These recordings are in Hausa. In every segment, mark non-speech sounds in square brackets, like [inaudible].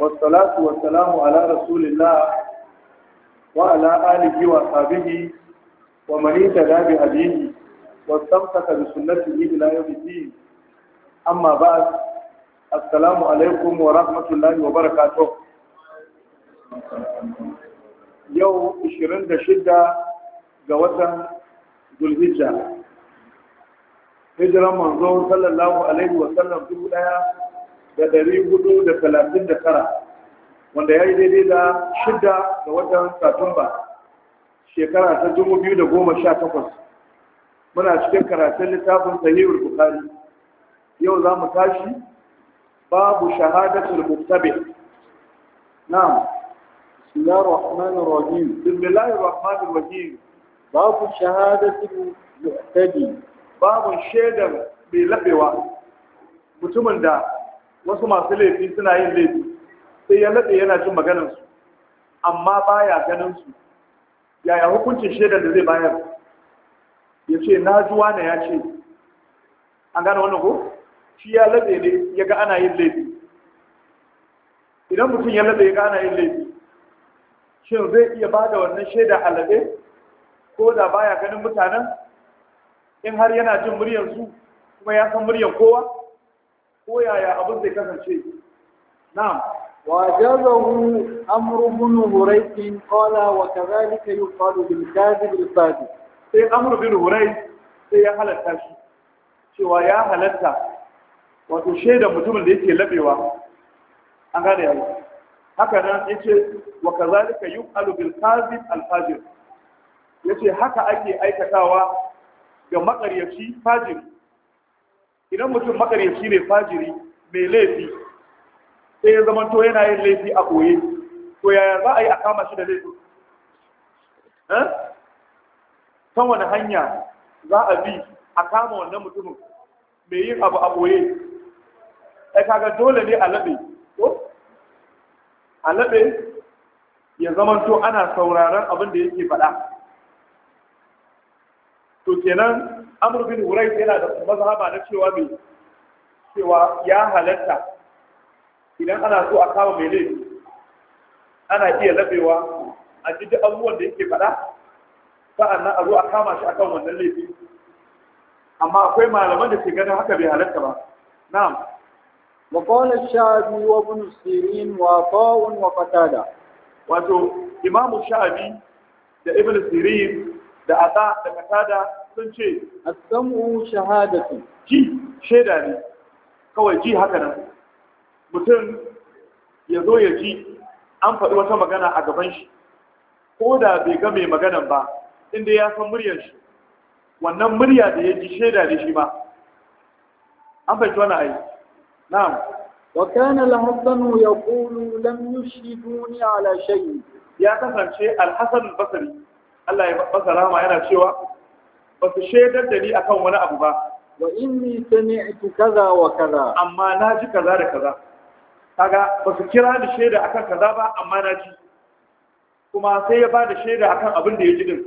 والصلاة والسلام على رسول الله وعلى آله وصحبه ومن اهتدى بهديه واستمسك بسنته الى يوم الدين اما بعد السلام عليكم ورحمه الله وبركاته يوم 26 ga watan Zulhijja hijiran manzo sallallahu alaihi wa sallam dubu daya da dari hudu da talatin da tara wanda ya yi daidai da shida ga watan satumba shekara ta dubu biyu da goma sha takwas muna cikin karatun littafin sahihul bukhari yau za mu tashi babu shahadatul muktabi na'am bismillahir rahmanir rahim bismillahir rahmanir rahim babu shahadatul muktabi babu shaidar mai laɓewa mutumin da wasu masu laifi suna yin laifi sai ya laɓe yana jin maganarsu amma ba ganin su yaya hukuncin shaidar da zai bayar ya ce na zuwa na ya ce an gane wani ko shi ya laɓe ne ya ga ana yin laifi idan mutum ya laɓe ya ga ana yin laifi shin zai iya ba da wannan shaida a laɓe ko da baya ganin mutanen in har yana jin muryar su kuma ya san muryar kowa ko yaya abin zai kasance na'am وأجابه qala wa kadhalika yuqalu bil kadhib al الفاجر sai amru bin hurai sai ya halatta shi cewa ya halatta wato shaida mutumin da yake labewa an gane yawa haka nan ya ce wa kadhalika yuqalu bil kadhib al fajir ya ce haka ake aikatawa ga makaryaci fajiri idan mutum makaryaci ne fajiri mai laifi sai ya zama to yana yin laifi a koye to yaya za a yi a kama shi da laifin eh? Ta wani hanya za a bi a kama wannan mutumin mai yin abu a koye ai kaga dole ne a laɓe ko a laɓe ya zama to ana sauraron abin da yake faɗa to kenan amr bin urais yana da mazhaba na cewa mai cewa ya halatta idan ana so a kama mai laifi ana iya labewa a ji duk abubuwan da yake faɗa sa'annan a zo a kama shi akan wannan laifi amma akwai malaman da ke ganin haka bai halatta ba na'am وقال الشعبي وابن سيرين وعطاء وقتادة wato imamu sha'abi da ibn sirin da ata da katada sun ce a samu shahadatu ji shaida ne kawai ji haka nan mutum ya zo ya ji an faɗi wata magana a gaban shi ko da bai ga mai magana ba inda ya san muryar shi wannan murya da ya ji shaida ne shi ba an fahimci wani ayi na'am wa kana al-hasan yaqulu lam yushiduni ala shay ya kasance al-hasan Allah ya basara ma yana cewa ba su shaidar da ni akan wani abu ba wa inni sami'tu kaza wa kaza amma na ji kaza da kaza kaga ba su kira ni shaida akan kaza ba amma na ji kuma sai ya ba da shaida akan abin da ya ji din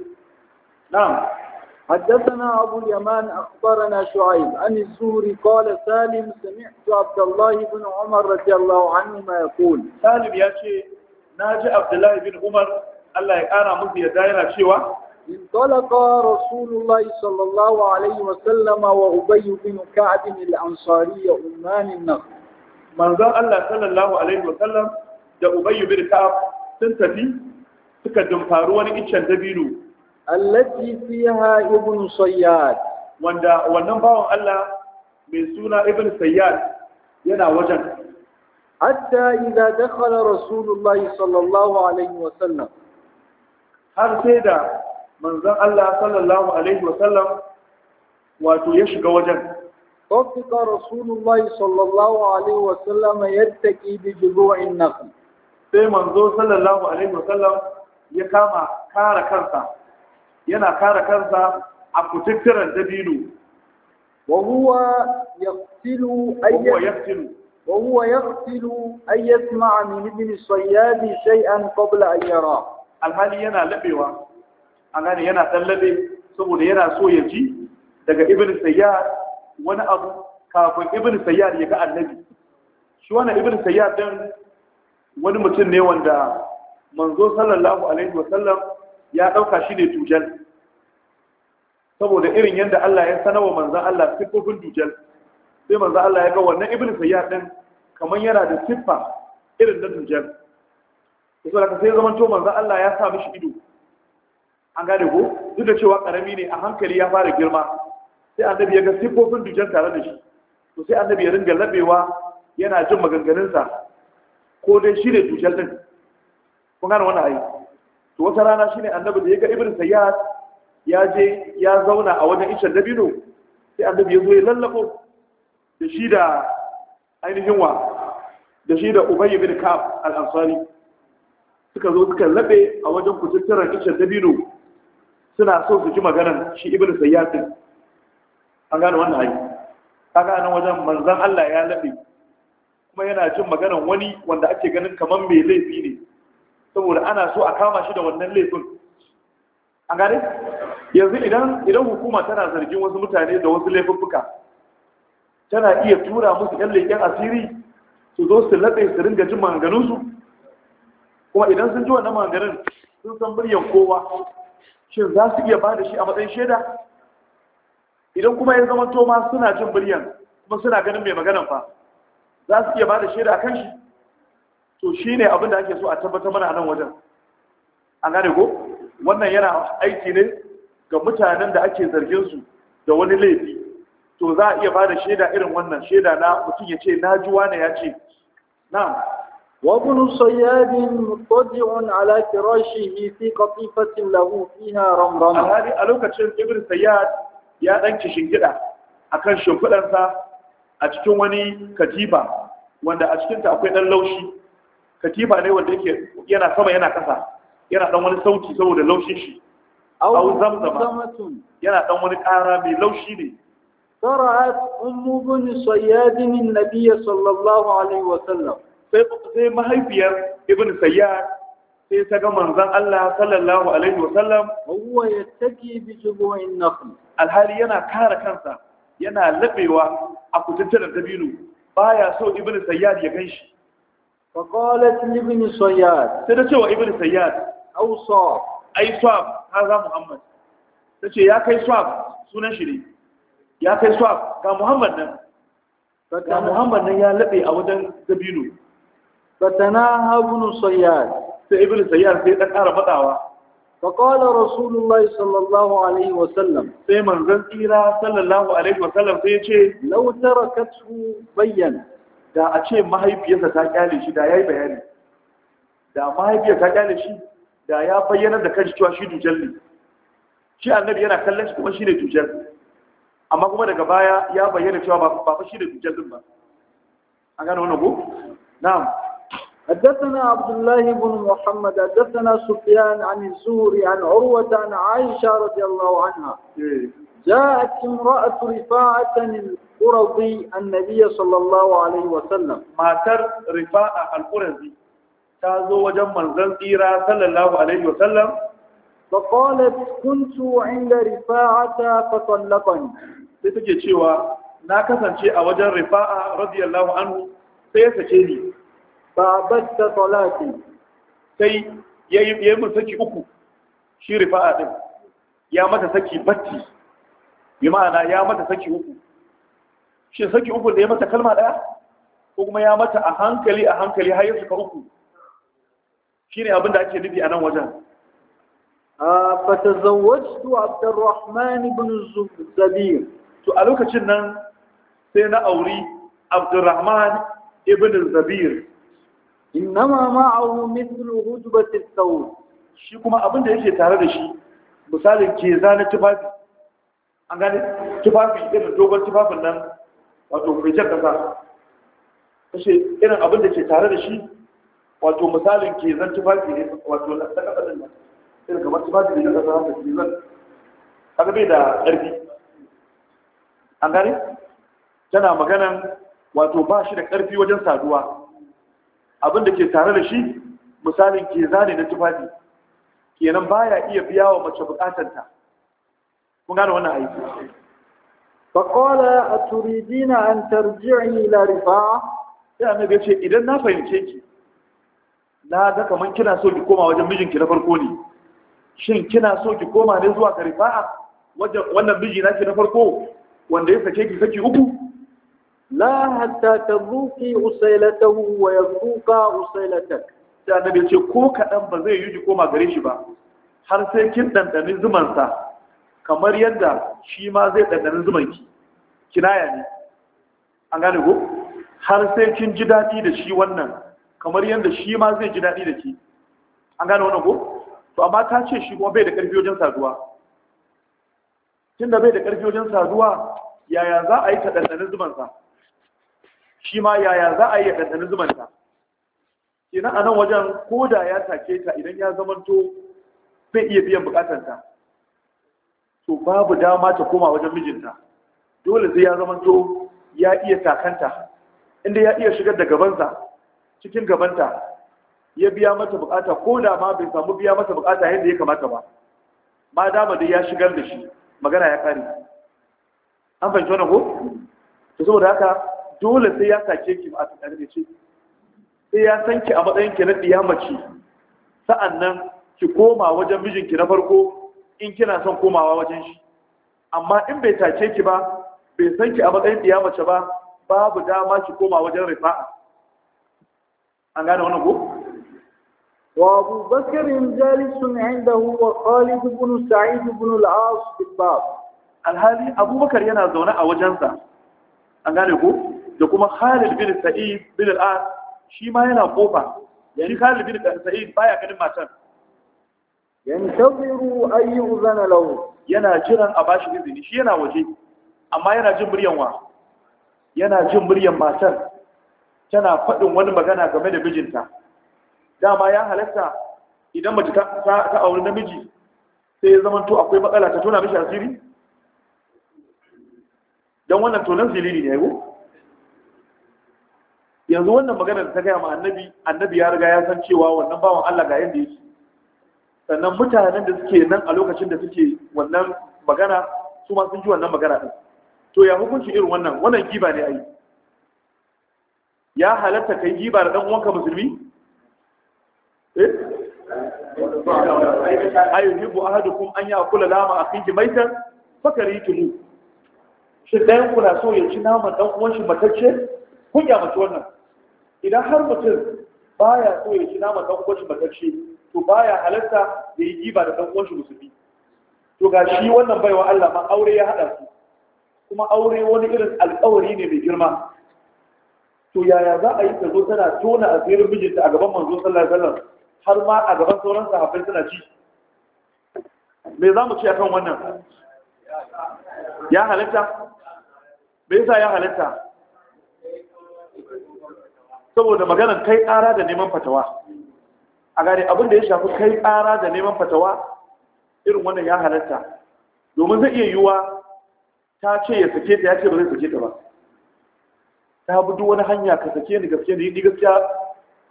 na'am حدثنا أبو اليمان أخبرنا شعيب عن الزهري قال سالم سمعت عبد الله بن عمر رضي الله عنهما يقول سالم يا شيخ ناجي عبد الله بن عمر الله يقارى مزي يداينا شيوا انطلق رسول الله صلى الله عليه وسلم وأبي بن كعب الأنصاري أمان النخل manzon Allah sallallahu alaihi da Ubayyu bin Ka'ab sun tafi suka dumfaru wani iccen dabino allati fiha ibn Sayyad wanda wannan bawan Allah mai suna ibn Sayyad yana wajen hatta idza dakhala Rasulullah sallallahu alaihi har sai da manzon Allah sallallahu alaihi wasallam wato ya shiga wajen طفق رسول الله صلى الله عليه وسلم يتكي بجذوع النخل sai manzo sallallahu alaihi wasallam ya kama kare kansa yana kare kansa a kututturen dabino wa huwa yaqtilu ay yaqtilu wa huwa yaqtilu ay yasma'a min ibn sayyadi shay'an qabla an yara alhali yana labewa an gane yana tallabe saboda yana so ya ji daga ibn sayyad wani abu kafin ibn sayyad ya ga annabi shi wannan ibn sayyad din wani mutum ne wanda manzo sallallahu alaihi wasallam ya dauka shi ne tujal saboda irin yadda Allah ya sanawa manzo Allah sifofin tujal sai manzo Allah ya ga wannan ibn sayyad din kamar yana da siffa irin da tujal sai ka sai zaman to manzo Allah ya sa mishi ido an gane ko duk da cewa karami ne a hankali ya fara girma sai annabi ya ga sifofin dujan tare da shi to sai annabi ya ringa labewa yana jin maganganunsa ko dai shi ne dujan din kun gane wannan ayi to wata rana shine annabi da ya ga ibn sayyad ya je ya zauna a wajen ishan dabino sai annabi ya zo ya lallabo da shi da ainihin wa da shi da ubayy bin ka'ab al-ansari suka zo suka labe a wajen kututturan ishan dabino suna so su ji maganan shi ibn sayyasin an gano wannan hayi kaga nan wajen manzon Allah ya labe kuma yana jin maganan wani wanda ake ganin kaman mai laifi ne saboda ana so a kama shi da wannan laifin an gane yanzu idan idan hukuma tana zargin wasu mutane da wasu laifuffuka tana iya tura musu yan leken asiri su zo su labe su ringa jin su kuma idan sun ji wannan maganganun sun san muryan kowa shin za su iya ba da shi a matsayin shaida idan kuma ya zama toma suna jin biryan kuma suna ganin mai maganan fa za su iya ba da shaida a kan shi to shi ne abin da ake so a tabbatar mana a nan wajen an gane ko wannan yana aiki ne ga mutanen da ake zargin su da wani laifi to za a iya ba da shaida irin wannan shaida na mutum ya ce na ji wane ya ce na. وابن صياد مضطجع على فراشه في قطيفة له فيها رمرمة هذه ألوكة ابن صياد يا ɗanci shingida a kan shimfiɗansa a cikin wani katiba wanda a cikinta akwai ɗan laushi katiba ne wanda yana sama yana ƙasa yana ɗan wani sauti saboda laushin shi au zamzama yana ɗan wani ƙara mai laushi ne قرأت أم بن صياد النبي صلى الله عليه وسلم sai mahaifiyar ibn Sayyar. sai ta ga manzon Allah sallallahu alaihi wa sallam huwa yattaki bi jubu'in nakhl alhali yana kare kansa yana labewa a kututturen dabino ya so ibn Sayyar ya ganshi fa qalat li ibn Sayyar. sai ta ce wa ibn Sayyar. Hausa ai swab haza muhammad Ta ce ya kai swab sunan shiri. ya kai swab ga muhammad nan ga muhammad nan ya labe a wajen dabino فتناهى ابن صياد ابن صياد في تكار فتاوى فقال رسول الله صلى الله عليه وسلم في من رزيرا صلى الله عليه وسلم في يجي لو تركته بين دا a ce تا قالي شي دا ياي بياني دا bayani تا قالي شي دا يا da دا bayyana da شي دجلي شي النبي ne shi annabi yana kallon shi kuma shi ne dujal amma kuma daga baya ya bayyana cewa ba ba shi ne dujal din ba an gane wannan ko na'am حدثنا عبد الله بن محمد حدثنا سفيان عن الزهري عن عروة عن عائشة رضي الله عنها جاءت امرأة رفاعة القرظي النبي صلى الله عليه وسلم ما تر رفاعة القرظي تازو وجم منزل إيرا صلى الله عليه وسلم فقالت كنت عند رفاعة فطلقني تتكي تشيوا ناكسا شيء وجن رفاعة رضي الله عنه سيسكيني babat ta salati sai ya yi mun saki uku shi rifa'a din ya mata saki batti bi ma'ana ya mata saki uku shi saki uku da ya mata kalma daya ko kuma ya mata a hankali a hankali har ya suka uku shi abin da ake nufi a nan wajen فتزوجت عبد الرحمن ibn الزبير to a lokacin nan sai na auri Abdurrahman ibn Zabir innama ma'ahu mithlu hudbati thawb shi kuma abin da yake tare da shi misalin ke zana tufafi an gane tufafi irin dogon tufafin nan wato fitar kasa kashe irin abin da ke tare da shi wato misalin ke zan tufafi ne wato na kasa din nan irin kamar tufafi ne na kasa haka ke zan kaga bai da ƙarfi an gane tana maganan wato ba shi da ƙarfi wajen saduwa abinda ke tare da shi misalin Kezane zane na tufafi kenan baya iya biya wa mace bukatanta kun gane wannan aiki faƙola a turidina an tarji'i ila rifa sai an ga ce idan na fahimce ki na ga kaman kina so ki koma wajen mijinki na farko ne shin kina so ki koma ne zuwa ga rifa'a wannan miji ki na farko wanda ya sake ki saki uku la hatta tabuki usailatahu wa yabquka usailatak sai annabi ya ce ko kaɗan ba zai yi koma gare shi ba har sai kin ɗanɗani zumansa kamar yadda shi ma zai ɗanɗani zumanki kinaya ne an gane ko har sai kin ji daɗi da shi wannan kamar yadda shi ma zai ji daɗi da ki an gane wannan ko to amma ta ce shi kuma bai da ƙarfi wajen saduwa tunda bai da ƙarfi wajen saduwa yaya za a yi ta ɗanɗanin zumansa shi ma yaya za a yi ya zumanta kenan a nan wajen ko da ya take ta idan ya zamanto zai iya biyan bukatanta to babu dama ta koma wajen mijinta dole sai ya zamanto ya iya takanta inda ya iya shigar da gabansa cikin gabanta ya biya mata bukata ko da ma bai samu biya mata bukata yadda ya kamata ba ma dama dai ya shigar da shi magana ya kare an fahimci wannan ko to saboda haka dole sai ya sake ki ba ta tsakanin ce sai ya san ki a matsayin ki na ɗiyamaci sa'annan ki koma wajen mijinki na farko in kina son komawa wajen shi amma in bai take ki ba bai san ki a matsayin ɗiyamace ba babu dama ki koma wajen rifa'a an gane wannan ko وابو بكر جالس عنده وخالد بن سعيد بن العاص في الباب alhali abubakar yana zaune a wajensa an gane ku da kuma Khalid bin Sa'id bin al-As shi ma yana kofa yani Khalid bin Sa'id baya ganin matan yantaziru ay yuzana lau. yana jiran a bashi izini shi yana waje amma yana jin muryan yana jin muryan matan tana faɗin wani magana game da mijinta dama ya halatta idan mace ta auri namiji sai ya zama to akwai matsala ta tona mishi asiri don wannan tonan ziliri ne ya yanzu wannan magana da ta gaya ma annabi annabi ya riga ya san cewa wannan bawan Allah ga yadda yake sannan mutanen da suke nan a lokacin da suke wannan magana su ma sun ji wannan magana din to ya hukunci irin wannan wannan giba ne ai ya halatta kai giba da dan uwanka musulmi eh ayyuhibbu ahadukum an ya'kula lama akhihi maitan fakaritumu shi dan kuna so ya ci naman dan uwan shi matacce kun ya mace wannan idan har mutum ba ya so ya ci naman ɗan uwan shi matacce to ba ya halatta da yi giba da ɗan uwan shi musulmi to ga shi wannan baiwa Allah ma aure ya haɗa su kuma aure wani irin alƙawari ne mai girma to yaya za a yi ta zo tana tona asirin mijinta a gaban manzo sallallahu alaihi wasallam har ma a gaban sauran sahabbai suna ci me za mu ce akan wannan ya halatta me yasa ya halatta saboda maganar kai ƙara da neman fatawa a gane abin da ya shafi kai ƙara da neman fatawa irin wannan ya halatta domin zai iya yiwuwa ta ce ya sake ta ya ce ba zai sake ta ba ta bi wani hanya ka sake ni gaske ni gaskiya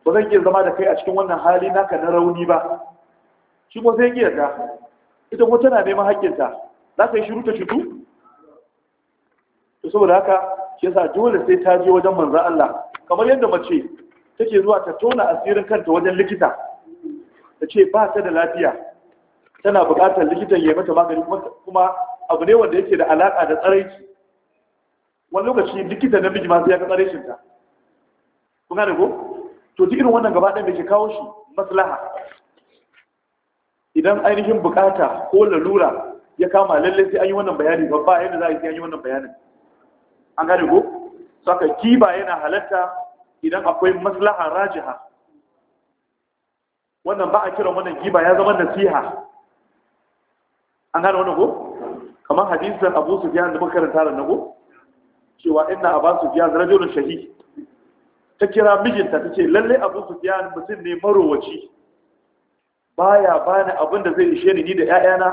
ba zan iya zama da kai a cikin wannan hali naka na rauni ba shi ko sai ya ta ita ko tana neman haƙƙinta za ka yi shiru ta cutu to saboda haka shi yasa dole sai ta je wajen manzo Allah kamar yadda mace take zuwa ta tona asirin kanta wajen likita ta ce ba ta da lafiya tana buƙatar likitan ya mata magani kuma abu ne wanda yake da alaka da tsaraici wani lokaci likita na miji masu ya ga tsaraicin kun gane ko to irin wannan gaba ɗaya da ke kawo shi maslaha idan ainihin bukata ko lalura ya kama lallai sai an yi wannan bayani babba yadda za a yi sai an yi wannan bayanin an gane ko saka kiba yana halatta idan akwai maslaha rajiha wannan ba a kiran wannan kiba ya zama nasiha an gane wannan ko kamar hadisin Abu Sufyan da muka karanta ran nago cewa inna Abu Sufyan rajulun shahi. ta kira mijinta ta ce lalle Abu Sufyan mutum ne marowaci baya bani abin da zai ishe ni da 'ya'yana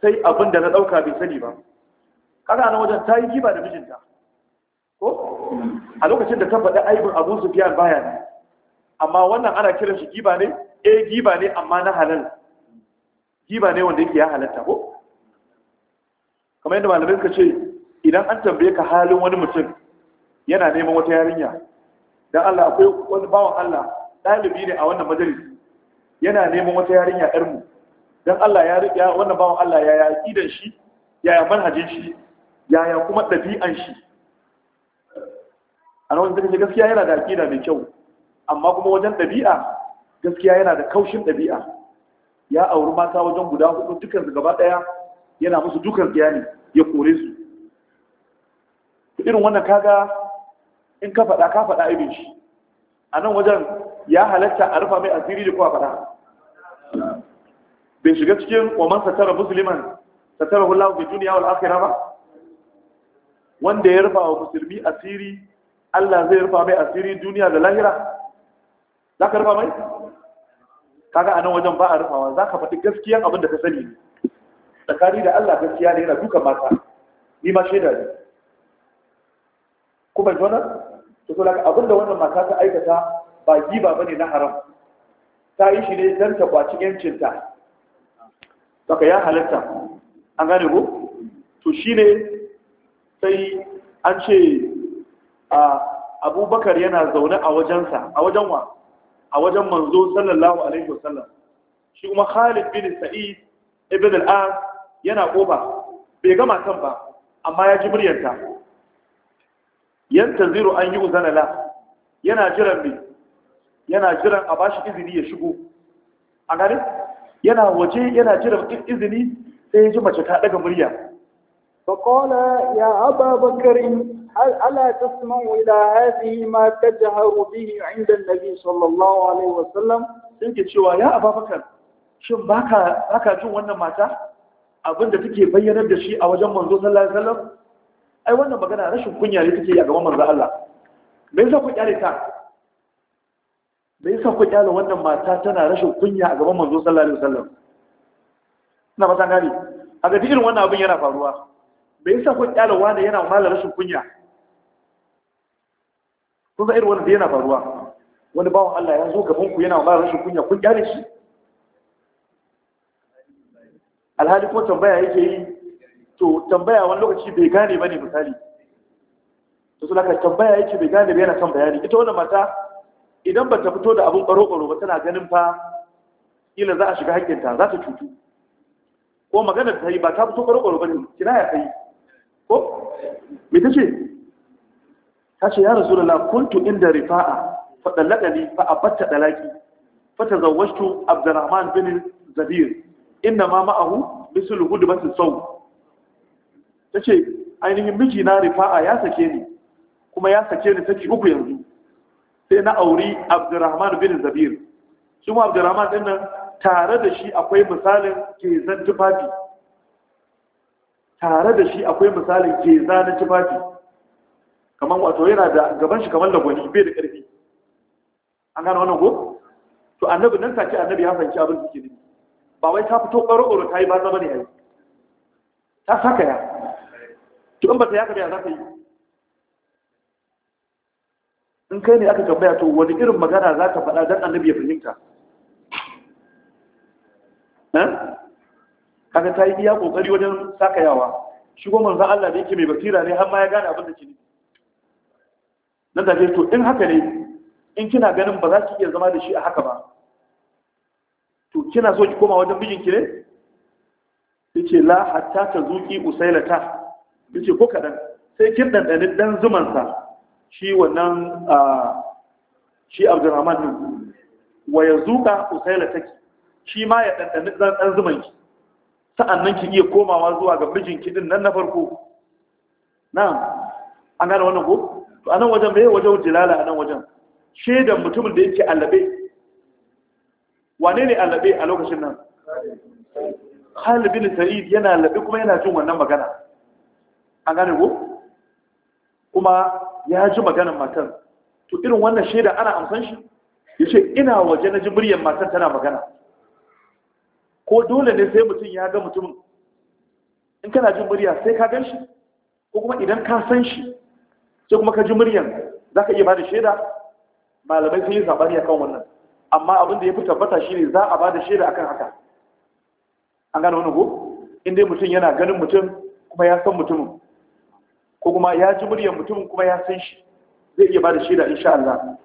sai abin da na dauka bai sani ba kaga nan wajen tayi yi giba da mijinta ko a lokacin da ta faɗi aibin abu sufiyan baya ne amma wannan ana kiran shi giba ne eh giba ne amma na halal giba ne wanda yake ya halatta ko kamar yadda malamin ka ce idan an tambaye ka halin wani mutum yana neman wata yarinya dan Allah akwai wani bawan Allah ɗalibi ne a wannan majalisi yana neman wata yarinya ɗar mu dan Allah ya wannan bawan Allah ya yaƙi da shi yaya manhajin shi yaya kuma ɗabi'an shi a na wajen gaskiya yana da aƙida mai kyau amma kuma wajen ɗabi'a gaskiya yana da kaushin ɗabi'a ya auri mata wajen guda hudu dukkan su gaba ɗaya yana musu dukkan tsiya ne ya kore su irin wannan kaga in ka faɗa ka faɗa irin shi a nan wajen ya halatta a rufa mai asiri da kuwa faɗa bai shiga cikin waman satara musulman satara hulawar bai duniya wal akhira ba wanda ya rufa wa musulmi asiri Allah zai rufa mai asiri duniya da lahira za ka rufa mai? kaga a nan wajen ba a rufawa za ka faɗi gaskiyan abin da ka sani ne tsakani da Allah gaskiya ne yana duka mata ni ma shaida ne kuma jona su so laka abin da wannan mata ta aikata ba giba bane na haram ta yi shi ne don ta kwaci yancinta baka ya halatta an gane ko to shine sai an ce abubakar yana zaune a wajensa a wajen wa a wajen manzo sallallahu alaihi wasallam shi kuma khalid bin sa'id ibn al-as yana koba bai gama matan ba amma ya ji muryarta yantaziru an yi uzana la yana jiran me yana jiran a bashi izini ya shigo a gane yana waje yana jiran izini sai ya ji mace ta daga murya faqala ya abubakar ألا تسمع إلى هذه ما تجهر به عند النبي صلى الله عليه وسلم سنك تشوى يا أبا بكر شن باكا باكا جو وانا ماتا abinda take bayyanar da shi a wajen manzo sallallahu alaihi wasallam ai wannan magana rashin kunya ne take yi a gaban manzo Allah me yasa wannan mata tana rashin kunya a gaban manzo ba gani a ga irin wannan abin yana faruwa me yasa ku kyale wani yana mala rashin kunya Sun zai irin wannan da yana faruwa wani bawan Allah ya zo gaban ku yana ba rashin kunya kun kyale shi alhali ko tambaya yake yi to tambaya wani lokaci bai gane ba ne misali to su laka tambaya yake bai gane ba yana son bayani ita wannan mata idan ba ta fito da abin ɓaro-ɓaro ba tana ganin fa ila za a shiga haƙƙinta za ta cutu ko magana ta yi ba ta fito ɓaro-ɓaro ba ne kina ya kai ko me ta ce ta ce ya rasu da Lakuntu inda rifa'a fa dalakani fa abatta dalaki fa tazawwajtu abdurrahman bin zabir inda ma ma'ahu masu sau. Ta ce ainihin miji na rifa'a ya sake ni kuma ya sake ni saki uku yanzu sai na auri abdurrahman bin zabir shi ma abdurrahman din nan tare da shi akwai misalin kezan tufafi tare da shi akwai misalin kezan tufafi kamar wato yana da gaban shi kamar lagoni bai da ƙarfi an gano wannan ko to annabi nan take annabi ya fahimci abin suke ke nufi ba wai ta fito ɓaro-ɓaro ta yi ba zama ne yi. ta saka ya to in ba ta yaka da ya za ta yi in kai ne aka tambaya to wani irin magana za ta faɗa don annabi ya fahimta eh? kaga ta yi iya ƙoƙari wajen sakayawa shi goma manzan Allah da yake mai basira ne har ma ya gane abin da ke nufi na take to in haka ne in kina ganin ba za ki iya zama da shi a haka ba to kina so ki koma wajen mijinki ne yace la hatta ta zuki usailata yace ko kadan sai kin ɗanɗani dan zuman sa shi wannan shi Abdurrahman din wa yazuka usailataki shi ma ya ɗanɗani dan dan zuman ki sa'annan ki iya komawa zuwa ga mijinki din nan na farko na'am an gane wannan ko to anan wajen bai wajen jilala anan wajen shedan mutumin da yake allabe wane ne allabe a lokacin nan halibin Sa'id yana allabe kuma yana jin wannan magana an gane ko kuma ya ji maganar matan to irin wannan shedan ana amsan shi yace ina waje na ji muryar matan tana magana ko dole ne sai mutum ya ga mutumin in kana jin murya sai ka gan shi ko kuma idan ka san shi sai kuma ka ji muryan za ka iya ba da shaida malamai sun yi sabani kan wannan amma abin da ya fi tabbata shi ne za a ba da shaida akan haka an gane wani ko in dai mutum yana ganin mutum kuma ya san mutumin ko kuma ya ji muryan mutumin kuma ya san shi zai iya ba da shaida insha Allah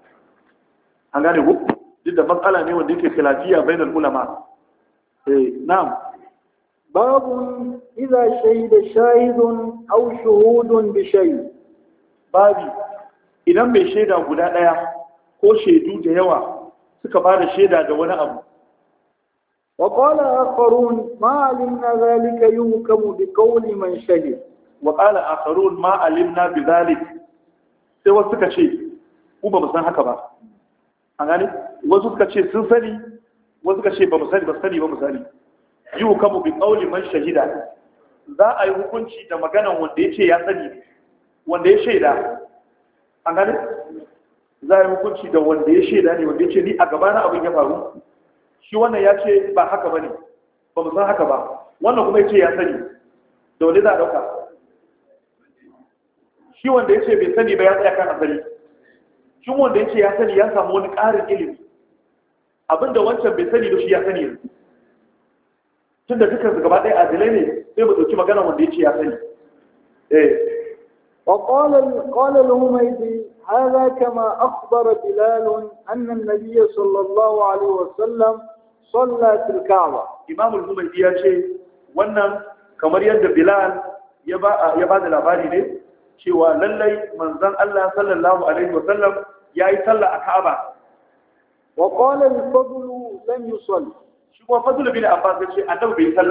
an gane ko duk da matsala ne wanda yake khilafiya bainal ulama eh na'am babun idza shahida shahidun aw shuhudun bi shay'in babi idan mai shaida guda ɗaya ko shaidu da yawa suka ba da shaida da wani abu A وقال آخرون yi hukamu da يمكم man من Waƙala a آخرون ma'alin na بذلك sai wasu suka ce ku ba mu san haka ba an gani wasu suka ce sun sani wasu suka ce ba mu sani ba sani ba mu sani yi hukamu bi qawli man shahida za a yi hukunci da maganan wanda ya ce ya sani wanda ya shaida an gane za a yi hukunci da wanda ya shaida ne wanda ya ce ni a gaba na abin ya faru shi wannan ya ce ba haka ba ne ba mu san haka ba wannan kuma ya ce ya sani da wani za a ɗauka shi wanda ya ce bai sani ba ya tsaya kan asali shi wanda ya ce ya sani ya samu wani ƙarin ilimi abinda wancan bai sani da shi ya sani yanzu tun da dukkan su gaba ɗaya adilai ne sai mu ɗauki magana wanda ya ce ya sani eh وقال قال الهميدي هذا كما أخبر بلال أن النبي صلى الله عليه وسلم صلى في الكعبة إمام الهميدي يا شيخ wannan kamar yadda Bilal ya ba da labari ne cewa lallai manzon Allah sallallahu alaihi wasallam yayi sallah a Ka'aba wa qala al-fadl lam yusalli shi kuma fadl bin Abbas ya ce annabi bai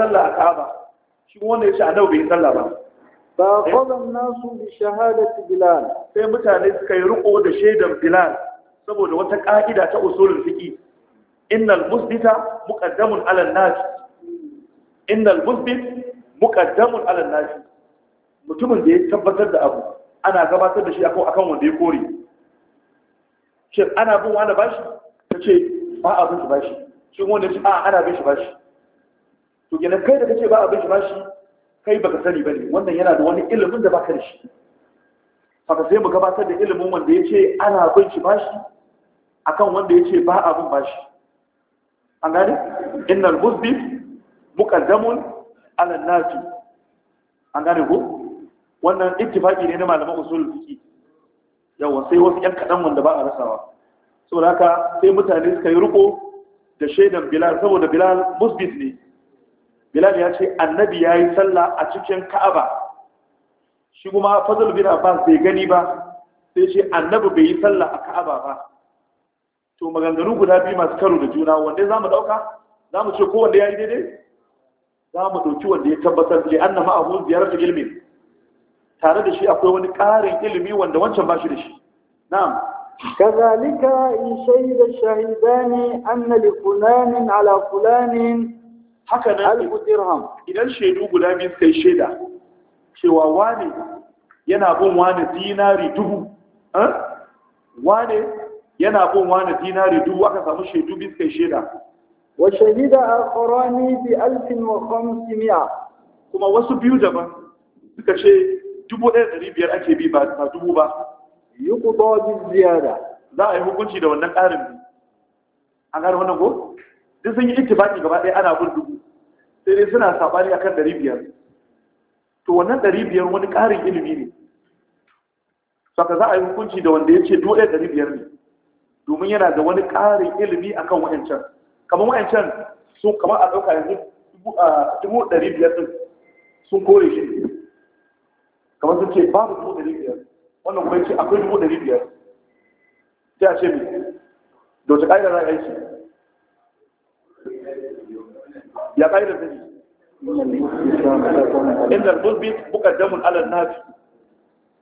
ba a shi wanda ya ce a annabi bai sallah ba fa qala nasu bi shahadati bilal sai mutane suka yi riko da shaidan bilal saboda wata ka'ida ta usulul fiqi innal musbita muqaddamun ala an-nas innal musbit muqaddamun ala an-nas mutumin da ya tabbatar da abu ana gabatar da shi akan wanda ya kore shin ana bin wani bashi kace ba abin bin shi bashi shin wanda ya ce a ana bin shi bashi to gina kai da kace ba abin shi bashi kai baka sani bane wannan yana da wani ilimin da baka da shi fa sai mu gabatar da ilimin wanda ya ce ana bin shi bashi akan wanda ya ce ba abin bashi an gane innal musbi muqaddamun ala nafi an gane ko wannan ittifaqi ne na malaman usul fiqi yawa sai wasu yan kadan wanda ba a rasawa saboda haka sai mutane suka yi riko da shaidan bilal saboda bilal musbit ne bilal ya ce annabi ya yi sallah a cikin ka'aba shi kuma fadl bin abbas bai gani ba sai ce annabi bai yi sallah a ka'aba ba to maganganu guda biyu masu karo da juna wanda za mu ɗauka za mu ce ko wanda ya yi daidai za mu ɗauki wanda ya tabbatar da an nama abu ziyarar ilimi tare da shi akwai wani ƙarin ilimi wanda wancan ba shi da shi na'am كذلك إن شهد الشهيدان أن fulanin al'a fulanin haka nan alfu dirham idan shaidu guda biyu sai sheda shaida cewa wane yana bin wane dinari dubu eh? wane yana bin wane dinari dubu aka samu shaidu biyu sai sheda shaida wa shahida al-qurani bi alfin kuma wasu biyu daban suka ce dubu ɗaya ɗari biyar ake bi ba dubu ba yi kuɗa bi ziyara za a yi hukunci da wannan ƙarin a an wannan ko duk sun yi ittifaki gaba ɗaya ana bin dubu sai dai suna sabani akan dari biyar to wannan dari biyar wani ƙarin ilimi ne saka za a yi hukunci da wanda ya ce dole dari biyar ne domin yana da wani ƙarin ilimi akan wayancan kamar wayancan sun kamar a ɗauka yanzu dubu dari biyar ɗin sun kore shi kamar sun ce babu dubu dari biyar wannan kuma ya ce akwai dubu dari biyar sai a ce mai da wata ƙa'idar ra'ayi يا ƙa'idar ta ji inda musbit mukaddamun ala nafi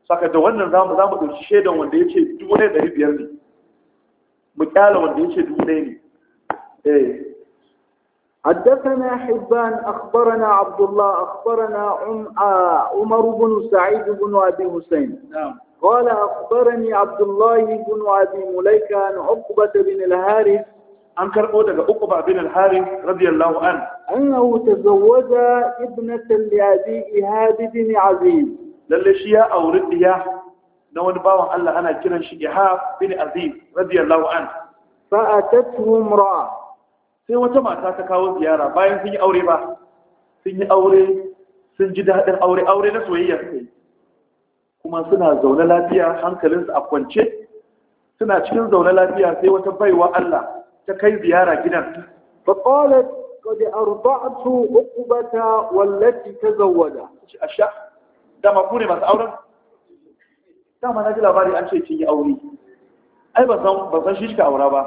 saka da wannan zamu zamu dauki shaidan wanda yace 1500 ne mu kyala wanda yace 1000 ne eh حدثنا حبان أخبرنا عبد الله أخبرنا آه، عمر بن سعيد بن أبي حسين نعم قال أخبرني عبد الله بن أبي مليكة عن عقبة بن الحارث أنكر أودك عقبة بن الحارث رضي الله عنه أنه تزوج ابنة لأبي إيهاب بن عزيز للشيء أو رديا نون باوان الله أنا كنا إيهاب بن عزيز رضي الله عنه فأتته امرأة sai wata mata ta kawo ziyara bayan sun yi aure ba sun yi aure sun ji daɗin aure aure na soyayya suka kuma suna zaune lafiya hankalinsu a kwance suna cikin zaune lafiya sai wata baiwa Allah ta kai ziyara gidan fa a a قد أرضعت عقبة والتي تزوج أشياء dama ku ne masu auren dama na ji labari an ce kin yi aure ai ba san ba san shi ka aura ba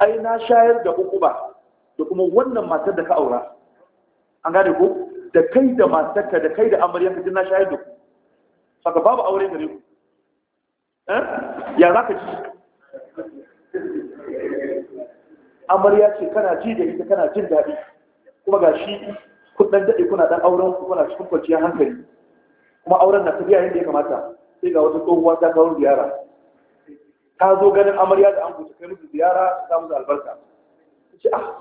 ai na shayar da ukuba da kuma wannan matar da ka aura an gane ko da kai da matarka da kai da amarya ka na shayar da ku saka babu aure gare ku eh ya zaka amarya ce kana ji da ita kana jin daɗi kuma ga shi kudin ɗan daɗe kuna ɗan auren ku kuna cikin kwanciyar hankali kuma auren na tafiya yadda ya kamata sai ga wata tsohuwa ta kawo ziyara ta zo ganin amarya da an buta kai musu ziyara ta samu da albarka ce ah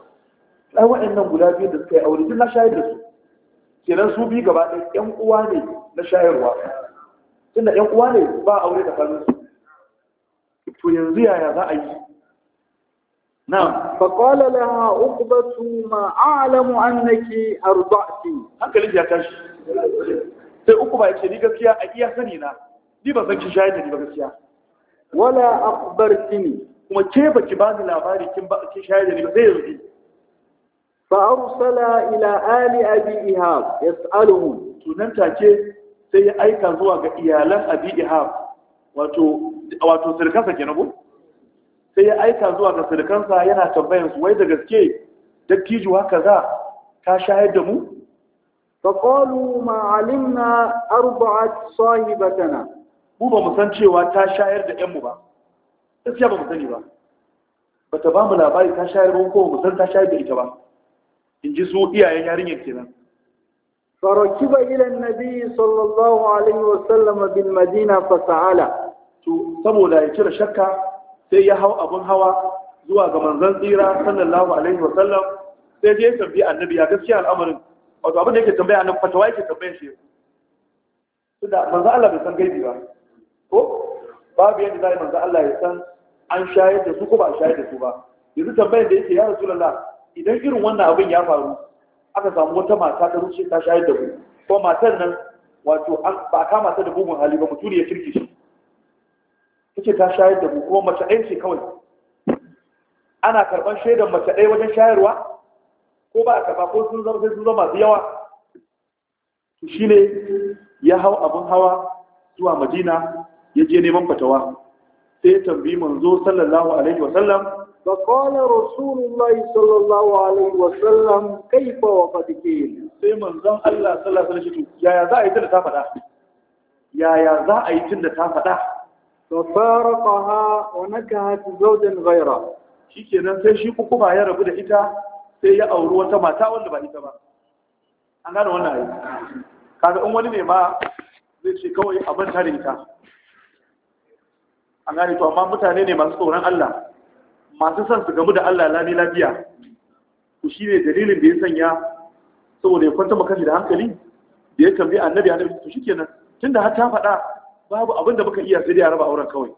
ɗan waɗannan guda biyu da suka yi aure duk na shayar da su kenan su biyu gaba ɗaya ƴan uwa ne na shayarwa tunda ƴan uwa ne ba aure da su. to yanzu yaya za a yi na'am fa qala laha uqbatu ma a'lamu annaki arda'ti hankalin ya tashi sai ba ya ce ni siya a iya sani na ni ba san ki shayar da siya. Wala gaskiya wala akhbartini kuma ke baki bani labari kin ba ki shayar da ni ba sai yanzu فأرسل إلى آل أبي إيهاب يسألهم تنان تاكي سي أيكا زوا إيالان أبي إيهاب واتو سركاسا كنبو sai ya aika zuwa ga sirkansa yana tambayan su wai da gaske dattijo haka za ta shayar da mu faqalu ma alimna arba'at sahibatana mu ba mu san cewa ta shayar da ƴan ba gaskiya ba mu sani ba bata ba mu labari ta shayar ba ko mu san ta shayar da ita ba in ji su iyayen yarinyar kenan فركب إلى النبي صلى الله عليه وسلم بالمدينة فسأله to saboda ya cire shakka sai ya hau abun hawa zuwa ga manzan tsira sallallahu alaihi wa sallam sai je tambayi annabi ya gaskiya al'amarin wato abin da yake tambaya annabi fatawa yake tambayar shi da manzan Allah bai san gaibi ba ko babu yadda zai manzan Allah ya san an shayar da su ko ba a shayar da su ba yanzu tambayar da yake ya rasulullah idan irin wannan abin ya faru aka samu wata mata ta rushe ta shayar da ku ko matar nan wato ba kama ta da bugun hali ba mutum ya kirki shi ce ta shayar da mu kuma mace ɗaya ce kawai ana karɓar shaidar mace ɗaya wajen shayarwa ko ba a karɓa ko sun zama sai sun zama masu yawa to shi ne ya hau abin hawa zuwa madina ya je neman fatawa sai ya tambi manzo sallallahu alaihi wa sallam fa qala rasulullahi sallallahu alaihi wa sallam ba wa qad sai manzon Allah sallallahu alaihi wa sallam yaya za a yi tunda ta faɗa yaya za a yi ta faɗa ففارقها ونكهت زوجا غيره shikenan sai shi kuma ya rabu da ita sai ya auri wata mata wanda ba ita ba an gane wannan ayi kaga in wani ne ma zai ce kawai abin manta da ita an gane to amma mutane ne masu tsoron Allah masu son su gamu da Allah lami lafiya ku shi ne dalilin da ya sanya saboda ya kwanta makashi da hankali da ya tambayi annabi annabi to shikenan tunda har ta faɗa babu abinda muka iya sai ya raba auren kawai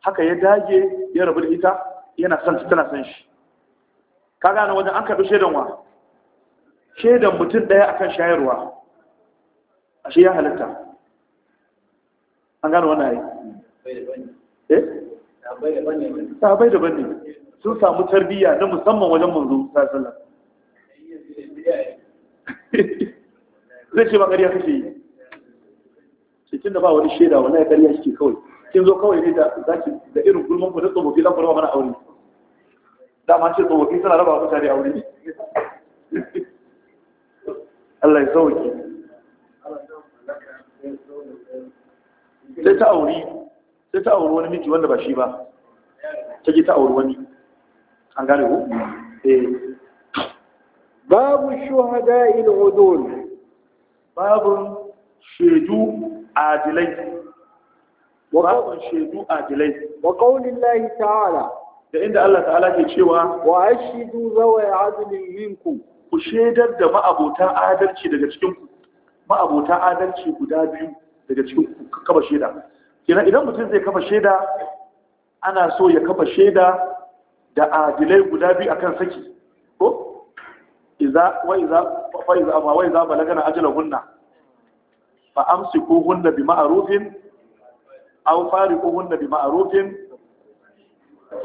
haka ya dage ya rabu da ita yana son tana son shi ka gane wajen an karɓi shaidan wa shaidan mutum ɗaya akan shayarwa ashe ya halitta an gane wannan ai eh bai da ne sun samu tarbiyya na musamman wajen manzo sallallahu alaihi wasallam [laughs] zai ce ba ƙarya kake yi ce tunda ba wani shaida wallahi ƙarya shi kawai kin zo kawai ne da zaki da irin gulman ku da tsofaffi za kuma wani aure aure ma ce tsofaffi suna raba mutane aure Allah ya sauke sai ta auri sai ta aure wani miji wanda ba shi ba ta ta auri wani an gane ku eh. babu shuhada il babu shaidu adilai samun shaidu adilai wa ƙaunin lahi ta'ala da inda Allah ta'ala ke cewa wa ashidu zawai adilin minku ku shaidar da ma'abotan adalci daga cikinku Ma'abotan adalci guda biyu daga cikinku kafa shaida kenan idan mutum zai kafa shaida ana so ya kafa shaida da adilai guda biyu akan saki ko iza wa iza fa iza ma wa iza balagana ajalahunna fa amsikuhunna bi ma'rufin aw fariquhunna bi ma'rufin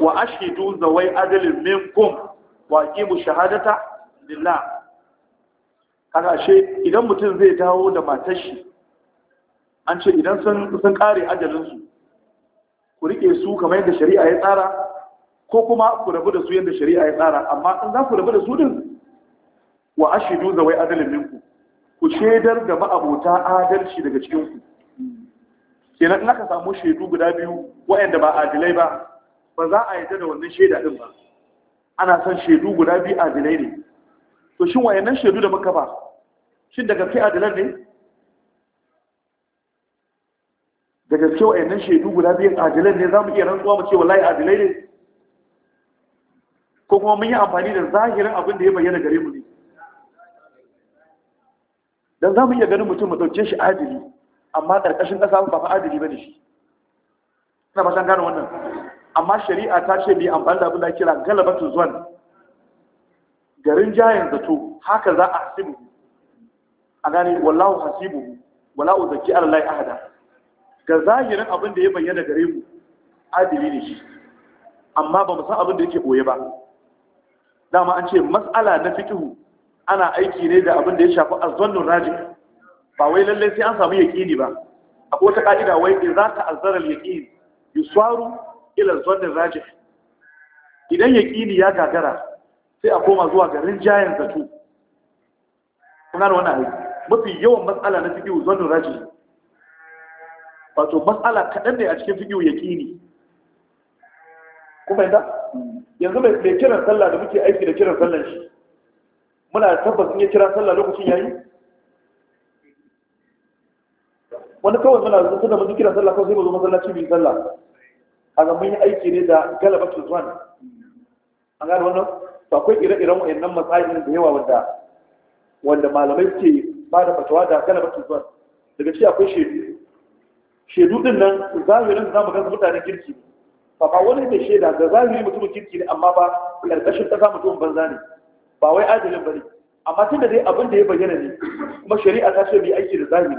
wa ashhidu zawai adalin minkum wa aqimu shahadata lillah kaga she idan mutum zai dawo da matar shi an ce idan sun sun kare ajalin su ku rike su kamar yadda shari'a ya tsara ko kuma ku rabu da su yadda shari'a ya tsara amma in za ku rabu da su din wa ashidu zawai adalin minkum ku shaidar da ma'abota adalci daga cikinku kenan in aka samu shaidu guda biyu waɗanda ba adilai ba ba za a yadda da wannan shaida din ba ana son shaidu guda biyu adilai ne to shin wayannan shaidu da muka ba shin da gaske adilan ne da gaske wayannan shaidu guda biyu adilan ne za mu iya rantsuwa mu ce wallahi adilai ne ko kuma mun yi amfani da zahirin abin da ya bayyana gare mu ne don za mu iya ganin mutum mu shi adili amma ƙarƙashin ƙasa ba fa adili ba ne shi na ba gano gane wannan amma shari'a ta ce mai amfani da abin da kira galabatu zuwan garin jayen zato haka za a hasibu a gane wallahu hasibu wallahu zaki alalai ahada ga zahirin abin da ya bayyana gare mu adili ne shi amma ba mu san abin da yake boye ba dama an ce mas'ala na fikihu ana aiki ne da abin da ya shafi azzannun rajin ba wai lallai sai an samu yaƙini ba akwai wata ƙa'ida wai in za ta azzara yaƙini yuswaru ila zannin rajin idan yaƙini ya gagara sai a koma zuwa ga rinjayen zato kuna da wannan aiki mafi yawan matsala na fiƙiyu zannin rajin wato matsala kaɗan ne a cikin fiƙiyu yaƙini kuma yanzu mai kiran sallah da muke aiki da kiran sallah shi muna tabbas in ya kira sallah lokacin yayi wani kawai muna zuwa da mun kira sallah kawai sai mu zo masallaci mu sallah a ga mun yi aiki ne da galabatul zuwa an gano wannan to akwai ire-iren wayannan matsayin da yawa wanda wanda malamai ke ba da fatawa da galabatul zuwa daga shi akwai shedu shedu din nan zahirin zamu ga mutanen kirki ba ba wani mai sheda da zahiri mutumin kirki ne amma ba karkashin ta mutum banza ne ba wai adalin bane amma tunda dai abin da ya bayyana ne kuma shari'a ta ce mai aiki da zahiri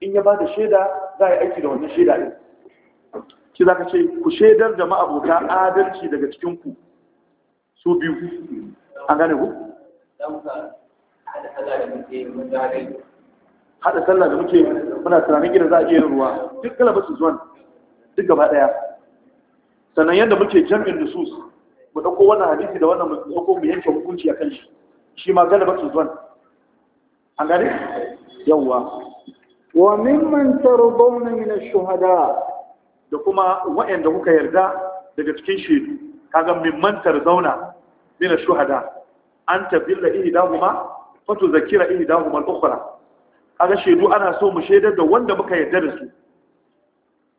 in ya ba da shaida za a yi aiki da wannan shaida ɗin shi za ka ce ku shaidar da ma'abota adalci daga cikin ku su biyu an gane ku haɗa sallah da muke muna tunanin gina za a iya yin ruwa duk galaba su zuwan duk gaba ɗaya sannan yadda muke jam'in su mu ɗauko wannan hadisi da wannan mu ɗauko mu yanke hukunci akan shi shi ma galaba su zan an gane yawwa wa mimman tarbawna min ash-shuhada da kuma wa'anda kuka yarda daga cikin shedu kaga mimman tarzauna min ash-shuhada an tabilla ihdahuma fa tuzakkira ihdahuma al-ukhra kaga shedu ana so mu shaidar da wanda muka yarda da su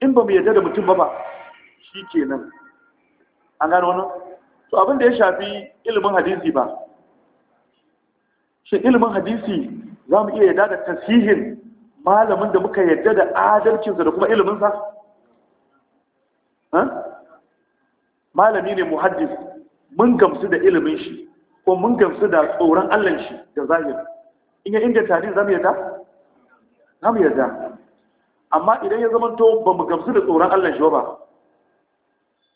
in ba mu yarda da mutum ba ba shikenan an gane wannan to abin da ya shafi ilimin hadisi ba shi ilimin hadisi za mu iya yadda da tasihin malamin da muka yadda da adalcinsa da kuma iliminsa malami ne muhaddis mun gamsu da ilimin shi ko mun gamsu da tsoron allan shi da zahiri in ya inganta hadisi za mu yadda? za mu yadda amma idan ya zama to ba mu gamsu da tsoron allan shi ba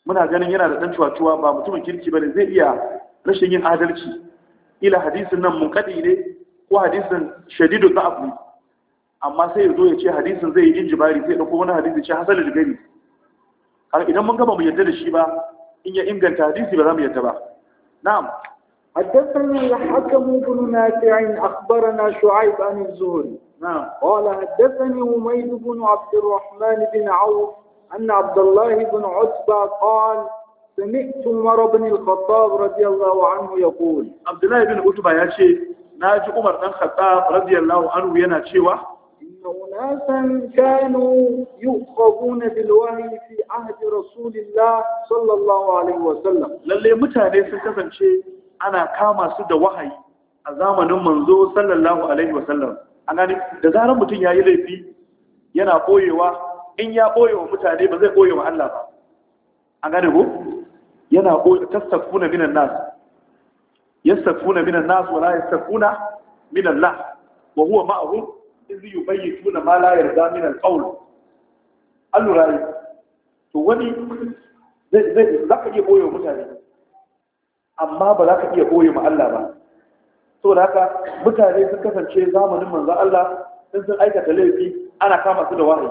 muna ganin yana da ɗan cuwa ba mutumin kirki ba ne zai iya rashin yin adalci ila hadisin nan mun kaɗi ne ko hadisin shadidu na abu amma sai ya zo ya ce hadisin zai yi jin injibari sai ɗauko wani hadisi ce hasali da gani. gari idan mun gama mu yadda da shi ba in ya inganta hadisi ba za mu yadda ba na'am حدثنا الحكم بن نافع أخبرنا شعيب عن الزهري نعم قال حدثني حميد بن عبد الرحمن بن عوف أن عبد الله بن عتبة قال سمعت عمر بن الخطاب رضي الله عنه يقول عبد الله بن عتبة يا شيخ ناجي عمر بن الخطاب رضي الله عنه ينا شيوه إن أناسا كانوا يؤخذون بالوحي في عهد رسول الله صلى الله عليه وسلم للي متاني سنكسن شيء أنا كاما سد وحي أزامن منذ صلى الله عليه وسلم أنا da zarar mutum ya yi laifi yana koyewa in ya ɓoye wa mutane ba zai ɓoye wa Allah ba an gane ko yana ɓoye ta tastafuna minan nasu. Ya yastafuna minan nas wala yastafuna minan la wa huwa yi iz yubayyituna ma la yarda ƙaun an lura yi to wani zai za zaka iya ɓoye wa mutane amma ba za ka iya ɓoye ma Allah ba da haka mutane sun kasance zamanin manzan Allah sun sun aikata laifi ana kama su da wahayi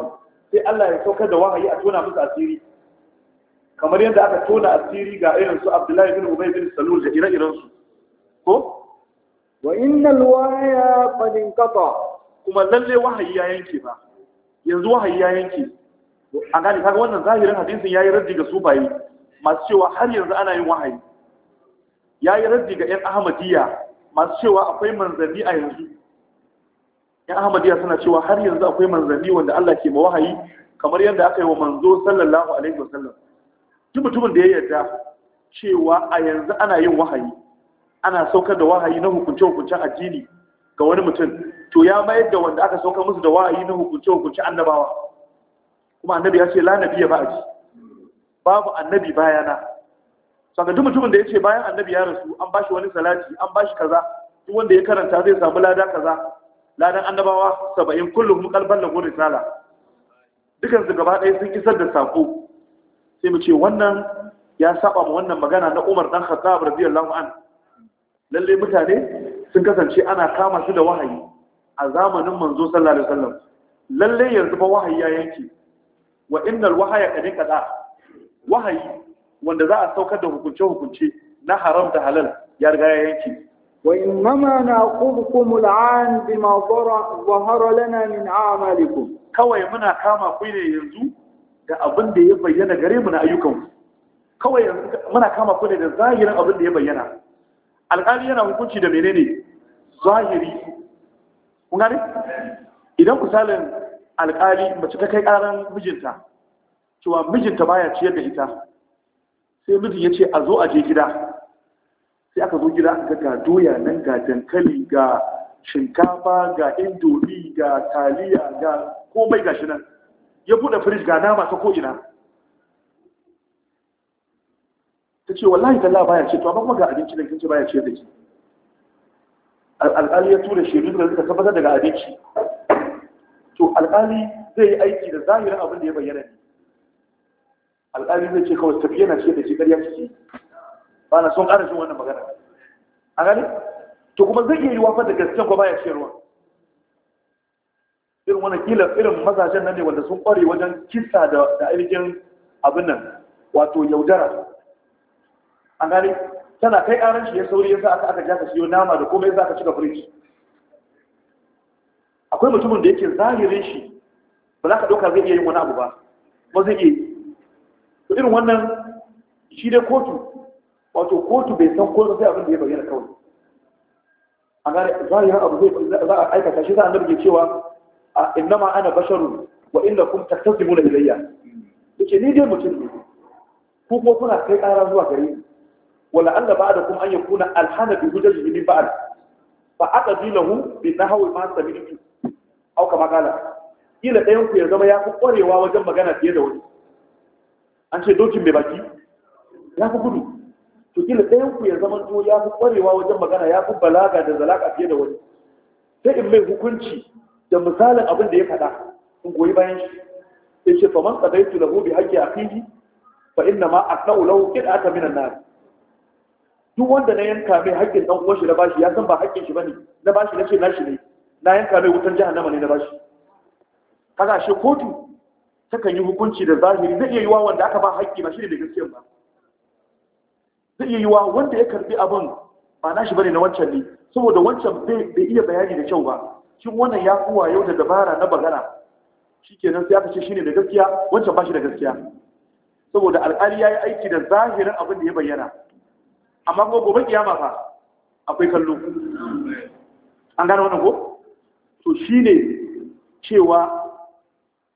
sai Allah ya saukar da wahayi a tona musu asiri kamar yadda aka tona asiri ga irin su Abdullahi bin Ubay bin Salul da ire-iren su ko wa innal wahya qad inqata kuma lalle wahayi ya yanke ba yanzu wahayi ya yanke a gani kaga wannan zahirin hadisin yayi raddi ga sufaye masu cewa har yanzu ana yin wahayi yayi raddi ga 'yan Ahmadiyya masu cewa akwai manzanni a yanzu yan ahmadiyya suna cewa har yanzu akwai manzanni wanda Allah ke ma wahayi kamar yadda aka yi wa manzo sallallahu alaihi wasallam duk mutumin da ya yarda cewa a yanzu ana yin wahayi ana saukar da wahayi na hukunce-hukuncen addini ga wani mutum to ya mayar da wanda aka saukar musu da wahayi na hukunce-hukuncen annabawa kuma annabi ya ce la nabi ba ji babu annabi bayana saka duk mutumin da ya ce bayan annabi ya rasu an bashi wani salati an bashi kaza duk wanda ya karanta zai samu lada kaza ladan annabawa saba'in kullum kalban lagun risala dukan su gaba ɗaya sun isar da saƙo sai mu ce wannan ya saba mu wannan magana na umar dan khattab radiyallahu an lalle mutane sun kasance ana kama su da wahayi a zamanin manzo sallallahu alaihi wasallam lalle yanzu fa wahayi ya yanke wa innal wahaya kadai kada wahayi wanda za a saukar da hukunce hukunce na haram da halal ya riga ya yanke وإنما نعقبكم العان بما ظهر لنا من عملكم kawai muna kama ku ne yanzu da abin da ya bayyana gare mu na ayyukan kawai muna kama ku ne da zahirin abin da ya bayyana alƙali yana hukunci da menene zahiri kun gane idan misalin alƙali mace ta kai ƙaran mijinta cewa mijinta baya ciyar da ita sai mijin ya ce a zo a je gida sai aka zo gida aka ga doya nan ga dankali ga shinkafa ga indomi ga taliya ga komai ga shi nan ya buɗe firij ga nama ta ina? ta ce wallahi talla baya ce to amma ga abinci da kinci baya ce da ke alƙali ya tura shi da suka tabbatar daga abinci to alƙali zai yi aiki da zahirin abin da ya bayyana ne alƙali zai ce kawai tafiya na ce da ke ƙarya ciki ba na son ƙara jin wannan magana a gani to kuma zai iya yi wafa da gaske ko baya ciyarwa irin wani kila irin mazajen nan ne wanda sun ƙware wajen kisa da ainihin abin nan wato yaudara a gani tana kai ƙaran shi ya sauri ya aka aka jaka siyo nama da komai za ka cika firiji akwai mutumin da yake zahirin shi ba za ka ɗauka zai iya yin wani abu ba ba zai iya irin wannan shi dai kotu wato kotu bai san ko sai abin da ya bayyana kawai an gane zahirin abu zai za a aikata shi za a nabi cewa ma ana basharu wa innakum taktasibuna ilayya yace ni dai mutum ne ko kuma kuna kai ƙara zuwa gare ni wala alla ba'da kuma an yakuna alhana bi hujjaji min ba'd fa aqdi lahu bi nahwi ma sami'tu aw kama kala ila dayan ku ya zama ya fi ƙwarewa wajen magana fiye da wani an ce dokin bai baki ya fi gudu to kila ɗayan ku ya zama to ya fi kwarewa wajen magana ya fi balaga da zalaka fiye da wani sai in mai hukunci da misalin abin da ya faɗa in goyi bayan shi sai ce fa man qadaytu lahu bi haqqi akhihi fa inna ma asna'u lahu qid'atan min an-nar duk wanda na yanka mai haƙƙin dan uwan shi na bashi ya san ba haƙƙin shi bane na bashi na ce nashi ne na yanka mai wutan jahannama ne na bashi kaga shi kotu takan yi hukunci da zahiri zai iya yi wa wanda aka ba haƙƙi ba shi ne da gaskiyan ba zai yi yiwa wanda ya karbi abin ba nashi bane na wancan ne saboda wancan bai iya bayani da kyau ba shi wannan ya kuwa wayo da dabara na bagana shikenan sai aka ce ne da gaskiya wancan ba shi da gaskiya saboda alkali ya yi aiki da zahirin abin da ya bayyana amma kuma gobe kiyama fa akwai kallo an gane wannan ko to shi ne cewa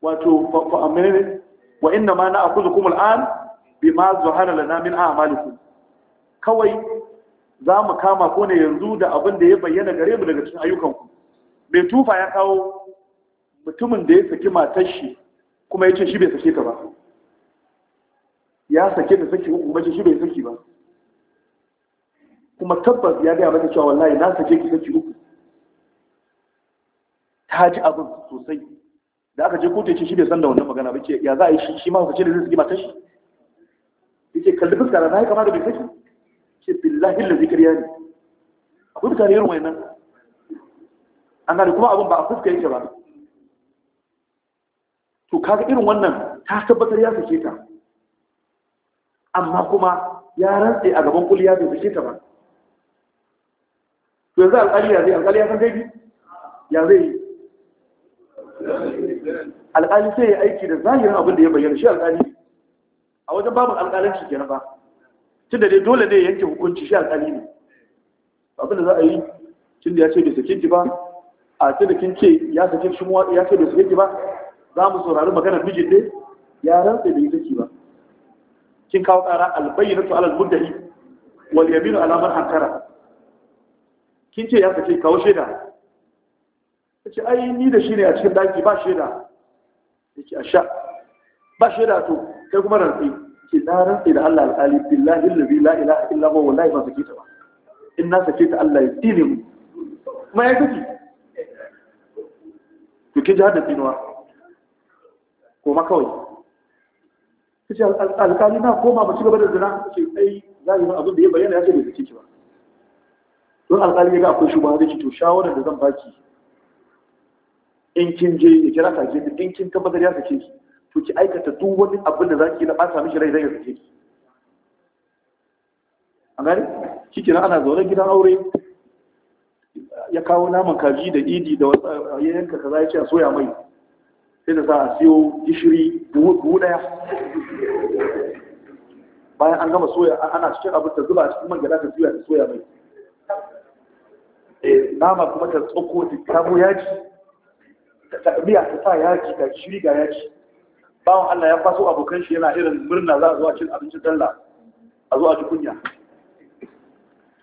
wato fa wa inna ma akuzukum al'an bima zahara lana min a'malikum kawai za mu kama ko ne yanzu da abin da ya bayyana gare mu daga cikin ayyukanku mai tufa ya kawo mutumin da ya saki matar shi kuma ya ce shi bai sake ta ba ya sake ta saki uku mace shi bai saki ba kuma tabbas ya gaya mata cewa wallahi na sake ki saki uku ta ji abin sosai da aka je kotu ya ce shi bai san da wannan magana ba ce ya za a yi shi ma hukace da zai saki matar shi ya kalli fuska na ya da bai saki billahi da zikiriya ne akwai mutane irin wannan an gane kuma abin ba a fuska yake ba to kaga irin wannan ta tabbatar ya sake ta amma kuma ya rantse a gaban kuliya bai sake ta ba to yanzu alƙali ya zai alƙali ya san daidai ya zai yi alƙali sai ya aiki da zahirin abin da ya bayyana shi alƙali a wajen babin alƙalanci kenan ba da dai dole ne yanke hukunci shi alƙali ne abin da za a yi da ya ce bai sake ki ba a tunda kin ce ya sake shi mu ya ce bai sake ki ba za mu saurari maganar mijin ne ya rantsa bai saki ba kin kawo ƙara ta alal muddahi wal yaminu ala man ankara kin ce ya sake kawo shaida ce ai ni da shi ne a cikin daki ba shaida yake a sha ba shaida to kai kuma rantsi ce na rantse da Allah alƙali billahi allazi la ilaha illa huwa wallahi ba sake ba in na sake Allah ya tsine mu kuma ya kace to ke jihar da tsinuwa ko ma kawai kace alƙali na koma ba ci gaba da zina ce ai yi abin da ya bayyana ya ce bai sake ki ba don alƙali ya ga akwai shubha da ki to shawarar da zan baki in kin je ya kira ka je in kin tabbatar ya sake ki to ki aikata duk wani abin da zaki na ɓata mishi rai zai sake ki an gani? kike ana zaune gidan aure ya kawo naman kaji da idi da ya yanka kaza ya ce a soya mai sai da za a siyo gishiri buhu daya bayan an gama soya ana cikin abin da zuba a cikin man ta soya ta soya mai eh, nama kuma ta tsoko ta kamo yaji miya ta sa yaji ta gishiri ga yaji bawan Allah ya kwaso abokan shi yana irin murna za a zuwa cin abinci dalla a zuwa ci kunya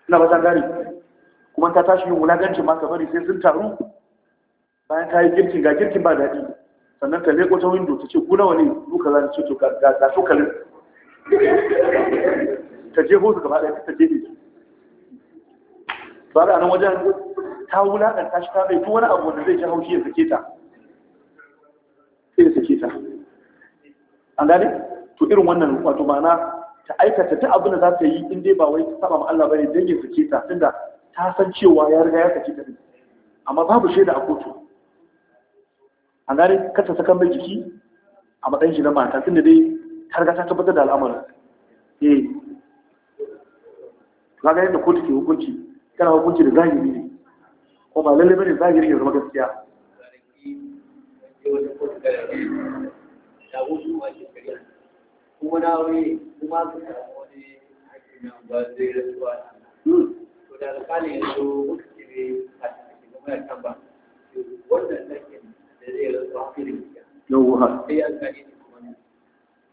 ina ba san gani kuma ta tashi yin wulagancin ma bari sai sun taru bayan ta yi girkin ga girkin ba daɗi sannan ta leko ta windo ta ce ku nawa ne ku ka za ce to ga cokalin ta je hoto gaba ɗaya ta je ne ba da nan wajen ta wulaƙanta shi ta bai wani abu wanda zai ji haushi ya sake ta an gane to irin wannan wato ma'ana ta aikata ta abin da za ta yi in dai ba wai saba ma Allah bane dan ya ce ta tunda ta san cewa ya riga ya kace ta amma babu shaida a kotu an gane kasa saka mai jiki a matsayin shi na mata tunda dai ta riga ta tabbatar da al'amarin eh ga yadda kotu ke hukunci kana hukunci da zahiri ne ko ba lalle bane zahiri ya zama gaskiya da wasu a shekara kuma na wuri kuma su samu wani haƙƙi na ba zai rasuwa to da alƙalin ya zo muka cire a cikin kuma ya kan ba wannan haƙƙin da zai rasuwa haƙƙi da gaskiya yawwa sai alƙali ne kuma ne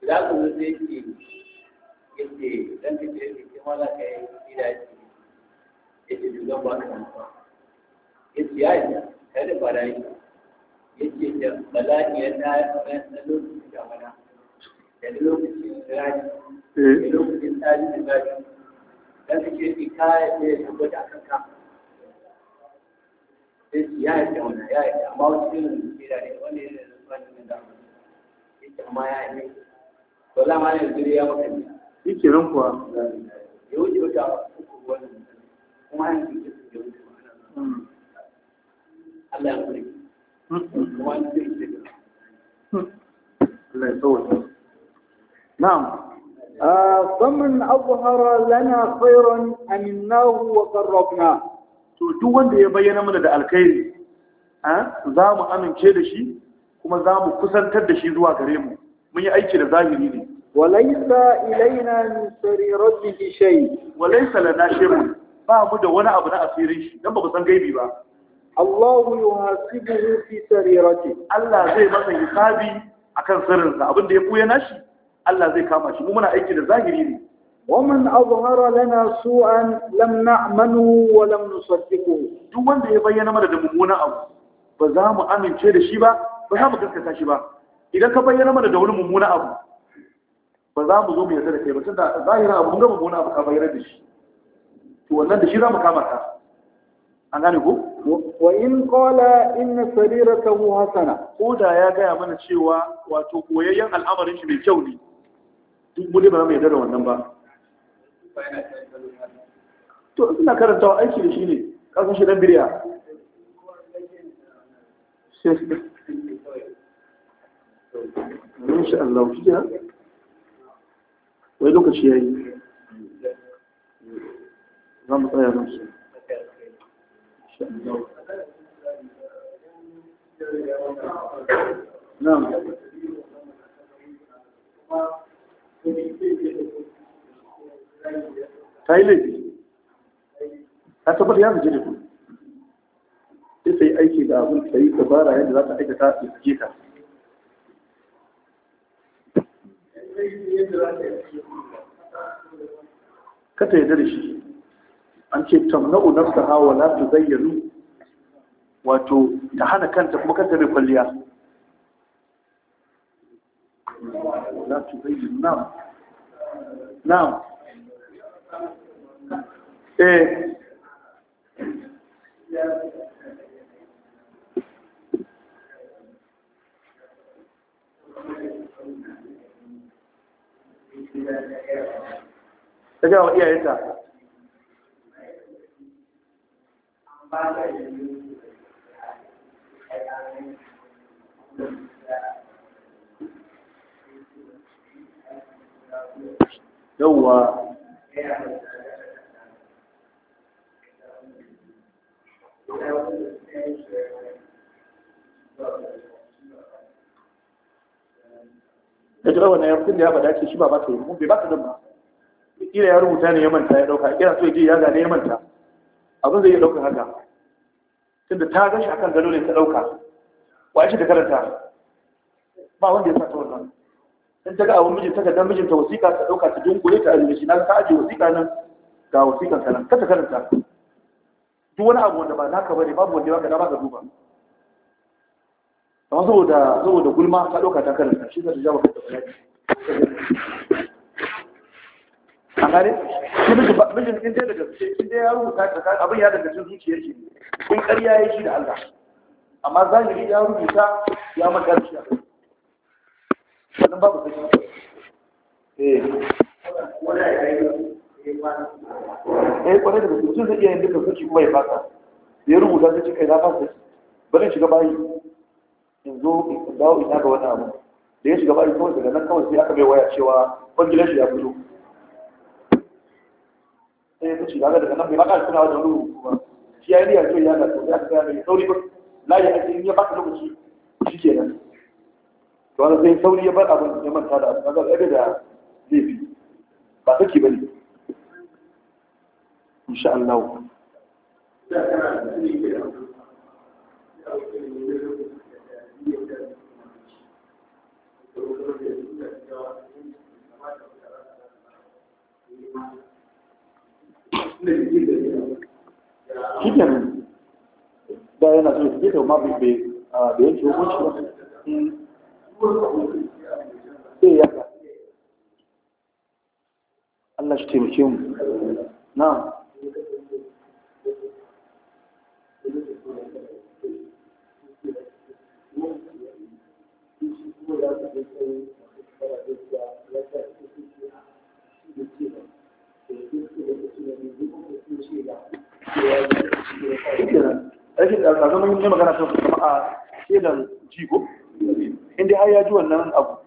za ku zo sai ke yace dan ka cire ke ma za ka yi gidaje yace dukan ba ka yace ya yi kai da fara yi yake da bala'i ya ta na lokacin damana da lokacin rani da eh. lokacin tsari da zafi dan kake ki kaya ne ya da akan ka sai ya yi wani ya yi amma wasu irin da ne wani irin rufani na da yake amma ya yi to lama ne zuri ya maka ne shi ke nan kuwa ya wuce wata uku kuma hanyar da ke da wuce hmm. Allah ya kuri نعم فمن أظهر لنا خيرا أمناه وقربناه to duk wanda ya bayyana mana da alkhairi za mu amince da shi kuma za mu kusantar da shi zuwa gare mu mun yi aiki da zahiri ne walaisa ilaina min sariratihi shay walaisa lana shay'un ba mu da wani abu na asirin shi dan ba mu san gaibi ba Allahu yuhasibuhu fi sarirati Allah zai masa hisabi akan sirrinsa abin da ya koya nashi Allah zai kama shi mu muna aiki da zahiri ne azhara lana su'an lam na'manu wa lam nusaddiqu duk wanda ya bayyana mana da mummuna abu ba za mu amince da shi ba ba za mu gaskata shi ba idan ka bayyana mana da wani mummuna abu ba za mu zo mu yarda da kai ba tunda zahirin abu mun ga mummuna abu ka bayyana da shi to wannan da shi za mu kama ka an gane ko wa in qala inna sariratahu hasana ko da ya gaya mana cewa wato koyayyen al'amarin shi mai kyau ne duk mu ba mai yarda wannan ba to ina karanta aiki da shi ne kasan shi dan biriya [laughs] insha Allah shi ya wai lokaci yayi za tsaya nan نعم ta yi laifi ta tabbata ya da ku sai aiki da abin ta yi dabara yadda za ta aikata ta suke ka kata yadda da shi an ce tamna'u nafsaha wa la tuzayyanu wato ta hana kanta kuma kanta bai kwalliya la tuzayyanu na'am na'am eh ta iyayenta yawwa da jira wannan ya fitin da ya faɗa ce shi ba ba ta yi mun bai ba ta don ba ƙira ya rubuta ne ya manta ya ɗauka ƙira so ya je ya gane ya manta abin zai yi ɗaukar haka tunda ta gashi akan gado ne ta ɗauka wa shi da karanta ba wanda ya sa ta wannan in ta ga abin mijin ta ga dan mijin ta wasiƙa ta ɗauka ta ne ta ajiye shi na ka ajiye wasiƙa nan ga wasiƙan ka nan ka ta karanta duk wani abu wanda ba naka bane babu wanda ya da, ba ka duba amma saboda saboda gulma ta ɗauka ta karanta shi zai ja baka ta bayani a gane shi mijin in dai daga in dai ya rubuta ka abin ya daga cikin zuciyar shi kun ƙarya ya shi da Allah amma zahiri ya rubuta ya maka shi sannan babu sai eh eh kwarai da mutum zai iya yin duka zuci kuma ya fasa ya rubuta zai cika ya fasa bari shiga bayi in zo in dawo ina ga wani abu da ya shiga bayi kawai daga nan kawai sai aka bai waya cewa kwangilar shi ya fito sai ya fice daga daga nan bai baka suna da wani rubutu ba shi ya yi ya to ya da to ya ga mai sauri ba layi ake in ya baka lokaci shi ke nan to wani sai sauri ya bar abin ya manta da abin ga ɗaya zai fi ba saki ba ne insha Allah. shi ke da yana so ya fita ma bai da yanke hukunci ba sai eh, ya ga Allah shi taimake mu na Thank you. zama yin magana magana kan jama'a shelan jiko in dai har ya ji wannan abu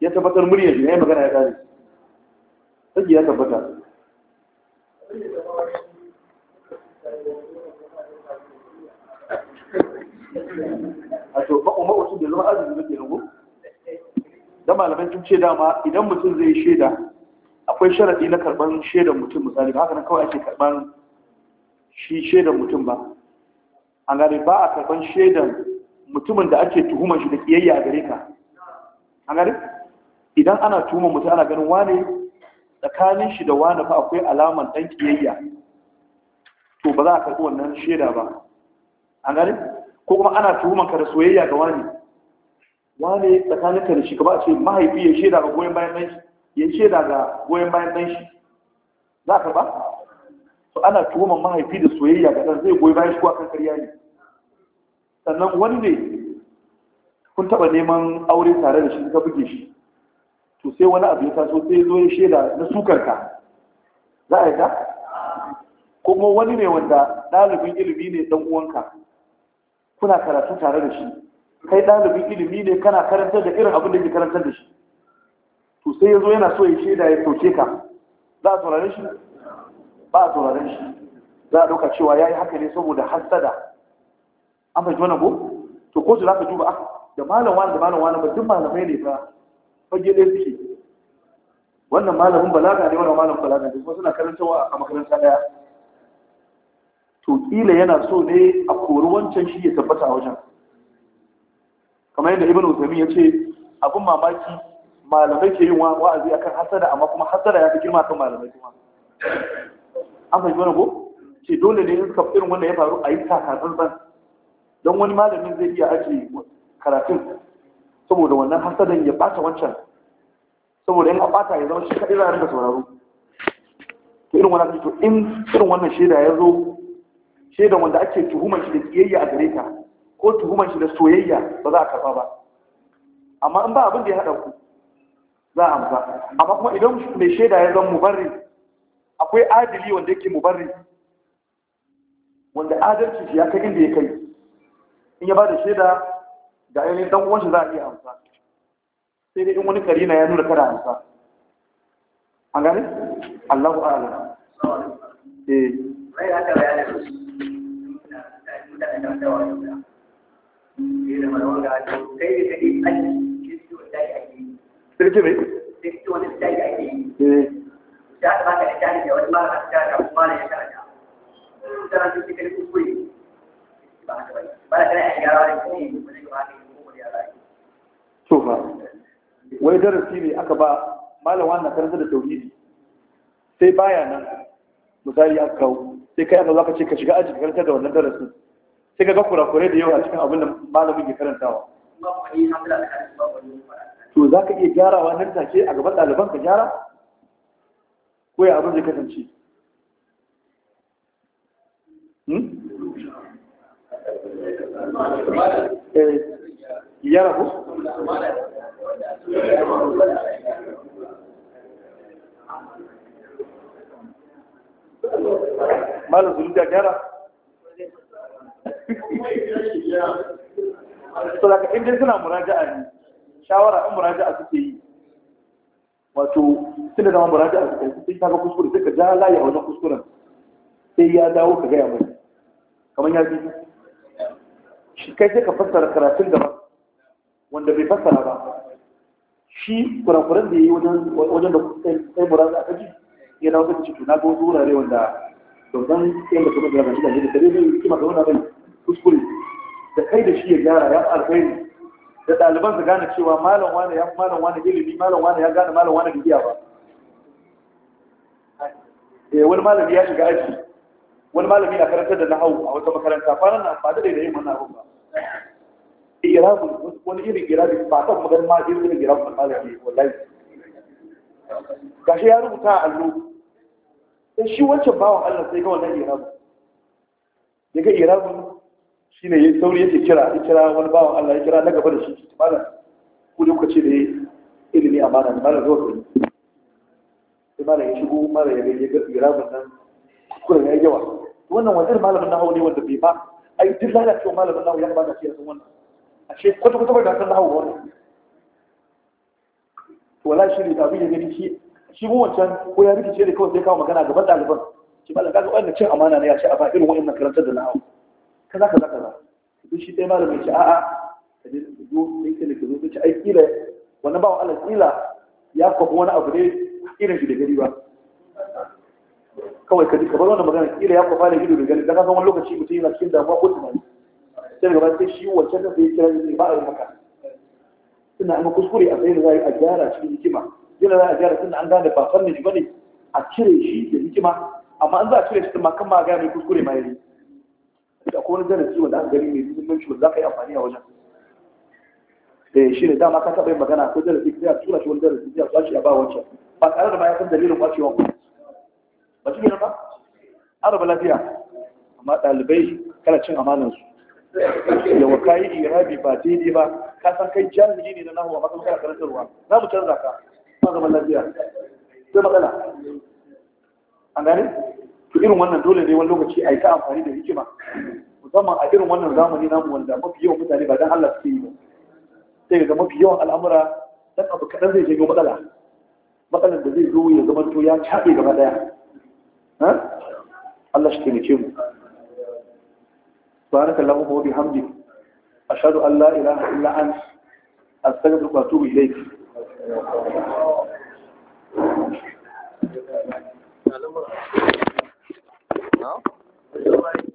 ya tabbatar muryar shi ya magana ya gane sake ya tabbata a to ma'umarwacin da zama arziki da ke rago da malaman sun ce dama idan mutum zai shaida akwai sharaɗi na karɓar shaidar mutum misali ba haka nan kawai ake karɓar shi shaidar mutum ba an gari ba a karban shaidan mutumin da ake tuhumar shi da kiyayya a gare ka an gari idan ana tuhumar mutum ana ganin wane tsakanin shi da wane fa akwai alamar dan kiyayya to ba za a karɓi wannan shaida ba an gari ko kuma ana tuhumar ka da soyayya ga wani wane tsakanin ka da shi ka ba ce mahaifi ya shaida ga goyon bayan dan shi ya shaida ga goyon bayan dan shi za a karɓa? to ana tuhumar mahaifi da soyayya ga ɗan zai goyi bayan shi kan karya ne sannan wani ne kun taɓa neman aure tare da shi ka buge shi to sai wani abu ya taso sai zo ya shaida na sukar ka za a yi ta kuma wani ne wanda ɗalibin ilimi ne dan uwanka kuna karatu tare da shi kai ɗalibin ilimi ne kana karantar da irin abin da ke karantar da shi to sai ya zo yana so ya shaida ya sauke ka za a saurare shi ba a sauraron shi za a ɗauka cewa ya yi haka ne saboda hassada an fahimci wannan ko to ko su za ka duba a ah, da malam wani da malam wani ba duk malamai ne ba fage ɗaya suke wannan malamin balaga ne wannan malamin balaga ne suna karantawa a makaranta ɗaya to kila yana so ne a kori wancan shi ya tabbata a wajen kamar yadda ibn utami ya ce abin mamaki malamai ke yin wa'azi akan hasada amma kuma hasada ya fi girma kan malamai kuma an fahimci wani ko ce dole ne in kafin irin wanda ya faru a yi takatsantsan don wani malamin zai iya ajiye karatun saboda wannan hasadan ya bata wancan saboda yana a bata ya zama shi kaɗi za a rinka sauraro to irin wannan to in irin wannan shaida ya zo shaidan wanda ake tuhuman shi da kiyayya a gare ta ko tuhuman shi da soyayya ba za a karɓa ba amma in ba abin da ya haɗa ku za a amsa amma kuma idan mai shaida ya zama mubarrin akwai adili wanda yake mubarri wanda adalci ya kai inda ya kai in ya ba da shaida ga ainihin dan uwansa za a iya amsa sai dai in wani karina ya nuna kada amsa an gane Allahu a'lam eh aka bayani wani da ake yi. ya da ne wai darasi ne aka ba malam wannan karanta da tauhidi sai baya nan misali aka kawo sai kai aka zaka ce ka shiga aji ka karanta da wannan darasin sai ka ga kurakurai da yawa cikin abin da malamin ke karantawa to za ka iya gyarawa nan take a gaban ɗaliban ka gyara ko ya abin zai kasance hmm? eh, ya rabu malar zuru [laughs] da so daga inda suna muraja'a ne shawara in muraja'a suke yi wato tunda da mambara da aka kai sai ga kuskure sai ka ja layi a wannan kuskuren sai ya dawo ka gaya mai kamar ya ji shi kai sai ka fassara karatun da ba wanda bai fassara ba shi kurakuran da ya yi wajen da kai mura da aka ji ya dawo ka ci ga wasu wurare wanda domin da kuma da shi da ne da kare ne kima ga wani abin kuskure da kai da shi ya gyara ya alkhairi da ɗaliban su gane cewa malam wani ya malam wani ilimi malam wani ya gane malam wani bibiya ba eh wani malami ya shiga aji wani malami na karantar da nahawu a wata makaranta fara na ba da da yin wannan abun ba wani irin irabun ba ta kuma ganin ma irin irabun malami wallahi gashi ya rubuta a allo sai shi wancan bawan Allah sai ga wannan irabun ya ga irabun shine yayi sauri yake kira ya kira wani bawan Allah ya kira na gaba da shi malam ku da kuka ce da ilimi amana ne malam zuwa yi. sai malam ya shigo malam ya ga ya ga irabun nan kuren ya yawa wannan wazir malamin nahawu ne wanda bai ba ai duk cewa malamin nahawu ya kamata shi ya san wannan ashe kwata kwata bai da san nahawu wannan wala shi ne tabi ya gani shi shi mu wancan ko ya rikice da kawai sai kawo magana gaban ɗaliban shi malam kaga wannan cin amana ne ya shi a fa irin wa'annan karantar da nahawu kaza kaza kaza duk shi ɗaya malamin ce a'a ka je ka zo sai ka ka zo ka ci ai kila wannan bawan Allah kila ya kwafi wani abu ne irin shi da gari ba kawai ka ji kamar wannan magana kila ya kwafa da ido da gari dan kasan wani lokaci mutum yana cikin damuwa ko tunani sai gaba sai shi wancan da sai kira ne ba a maka suna amma kuskure a tsaye da za a gyara cikin hikima yana za a gyara suna an gane ba fannin ba ne a cire shi da hikima amma an za a cire shi ma kan ma gane kuskure ma yi da akwai wani darasi wanda aka gani mai muhimmanci wanda za ka yi amfani a wajen eh shi ne dama ka taɓa yin magana ko darasi da a tura shi wani darasi sai a kwashi a ba wancan ba tare da ma ya san dalilin kwacewa ba shi ne ba araba lafiya amma ɗalibai kana cin amanansu yawa ka yi irabi ba daidai ba ka san kai jami'i ne na nahuwa a kuma kana karantarwa za mu canza ka ba zaman lafiya sai matsala an gane to irin wannan dole ne wani lokaci a yi ta amfani da hikima musamman a irin wannan zamani namu wanda mafi yawan mutane ba dan Allah suke yi ba sai ga mafi yawan al'amura dan abu kadan zai janyo matsala matsalan da zai zo ya zama to ya cabe gaba daya ha Allah shi ke mu subhanakallahu wa hamdi, ashhadu an la ilaha illa an astaghfiruka wa atubu ilayk Thank you.